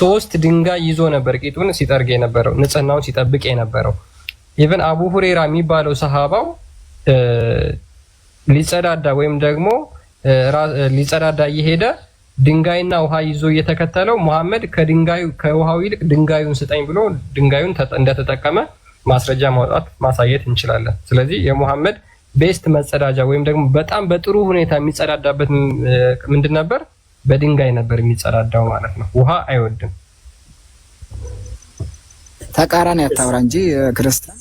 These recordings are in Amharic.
ሶስት ድንጋይ ይዞ ነበር ቂጡን ሲጠርግ የነበረው ንጽህናውን ሲጠብቅ የነበረው። ኢቨን አቡ ሁሬራ የሚባለው ሰሃባው ሊጸዳዳ ወይም ደግሞ ሊጸዳዳ እየሄደ ድንጋይና ውሃ ይዞ እየተከተለው መሐመድ ከድንጋዩ ከውሃው ይልቅ ድንጋዩን ስጠኝ ብሎ ድንጋዩን እንደተጠቀመ ማስረጃ ማውጣት ማሳየት እንችላለን። ስለዚህ የሙሐመድ ቤስት መጸዳጃ ወይም ደግሞ በጣም በጥሩ ሁኔታ የሚጸዳዳበት ምንድን ነበር? በድንጋይ ነበር የሚጸዳዳው ማለት ነው። ውሃ አይወድም። ተቃራኒ ያታውራ እንጂ ክርስቲያን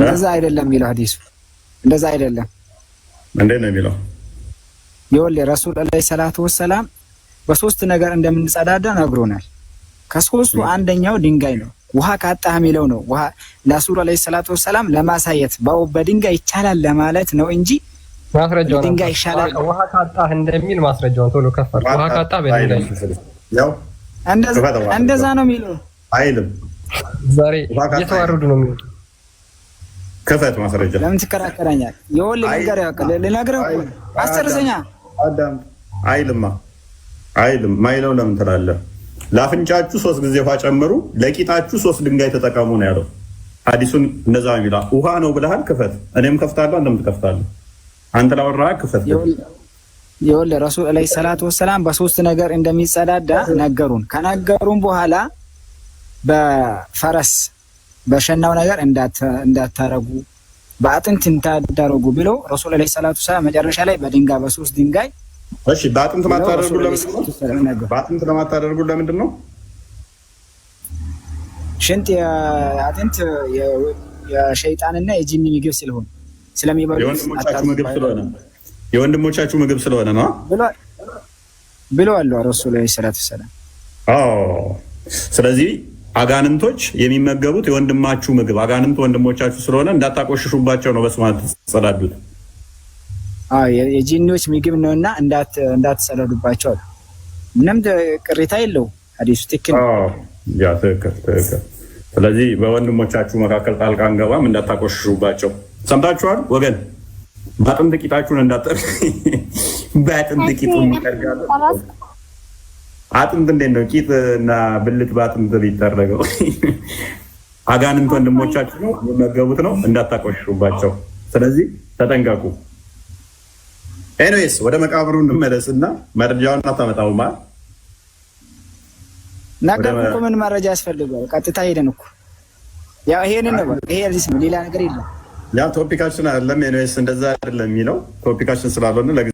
እንደዛ አይደለም የሚለው ሀዲሱ እንደዛ አይደለም። እንዴት ነው የሚለው? ይኸውልህ ረሱል አለይሂ ሰላቱ ወሰላም በሶስት ነገር እንደምንጸዳዳ ነግሮናል። ከሶስቱ አንደኛው ድንጋይ ነው። ውሃ ካጣህ የሚለው ነው። ውሃ ለረሱል አለይሂ ሰላቱ ወሰላም ለማሳየት በድንጋይ ይቻላል ለማለት ነው እንጂ ማስረጃው ድንጋይ ይሻላል። ውሃ ካጣህ እንደሚል ማስረጃውን ቶሎ ከፈል። ውሃ ካጣህ እንደዛ ነው የሚለው አይልም። ዛሬ እየተዋረዱ ነው የሚለው። ክፈት ማስረጃ። ለምን ትከራከራኛል የወል ነገር ያውቃል። ልነግረው አስጨርሰኛ አዳም አይልማ አይልም። ማይለው ለምን ትላለህ? ለአፍንጫችሁ ሶስት ጊዜ ውሃ ጨምሩ፣ ለቂጣችሁ ሶስት ድንጋይ ተጠቀሙ ነው ያለው ሐዲሱን። እነዛ ነው ውሃ ነው ብለሃል። ክፈት። እኔም ከፍታለሁ፣ አንተም ትከፍታለህ። አንተ ላወራ ክፈት ይኸውልህ ረሱል ዐለይሂ ሰላቱ ወሰላም በሶስት ነገር እንደሚጸዳዳ ነገሩን። ከነገሩን በኋላ በፈረስ በሸናው ነገር እንዳታረጉ በአጥንት እንዳታረጉ ብሎ ረሱል ዐለይሂ ሰላቱ ወሰላም መጨረሻ ላይ በድንጋይ በሶስት ድንጋይ እሺ፣ በአጥንት ማታደርጉ ለምንድን ነው? በአጥንት ለማታደርጉ ለምንድን ነው? ሽንት የአጥንት የሸይጣንና የጂኒ ምግብ ስለሆነ ስለሚበሉ የወንድሞቻችሁ ምግብ ስለሆነ ነው ብለዋል ረሱል ዐለይሂ ሰላቱ ወሰላም። ስለዚህ አጋንንቶች የሚመገቡት የወንድማችሁ ምግብ አጋንንት ወንድሞቻችሁ ስለሆነ እንዳታቆሽሹባቸው ነው። በስማት ተጸዳዱት የጂኒዎች ምግብ ነው እና እንዳትጸዳዱባቸው አሉ። ምንም ቅሬታ የለው። ሀዲሱ ትክክል ነው። ስለዚህ በወንድሞቻችሁ መካከል ጣልቃ አንገባም፣ እንዳታቆሽሹባቸው ሰምታችኋል ወገን። በጥንት ቂጣችሁን እንዳጠር በጥንት ቂጡ የሚጠርጋለ አጥንት እንዴት ነው ቂጥ እና ብልት በአጥንት ቢጠረገው? አጋንንት ወንድሞቻችሁ ነው የሚመገቡት ነው፣ እንዳታቆሽሹባቸው። ስለዚህ ተጠንቀቁ። ኤኒዌይስ ወደ መቃብሩ እንመለስ እንመለስና መረጃውን አታመጣው ማ ነገር ምን መረጃ ያስፈልገዋል? ቀጥታ ሄደን እኮ ይሄንን ነው። ይሄ ሌላ ነገር የለም። ያ ቶፒካችን አይደለም። ኤንስ እንደዛ አይደለም የሚለው ቶፒካችን ስላልሆነ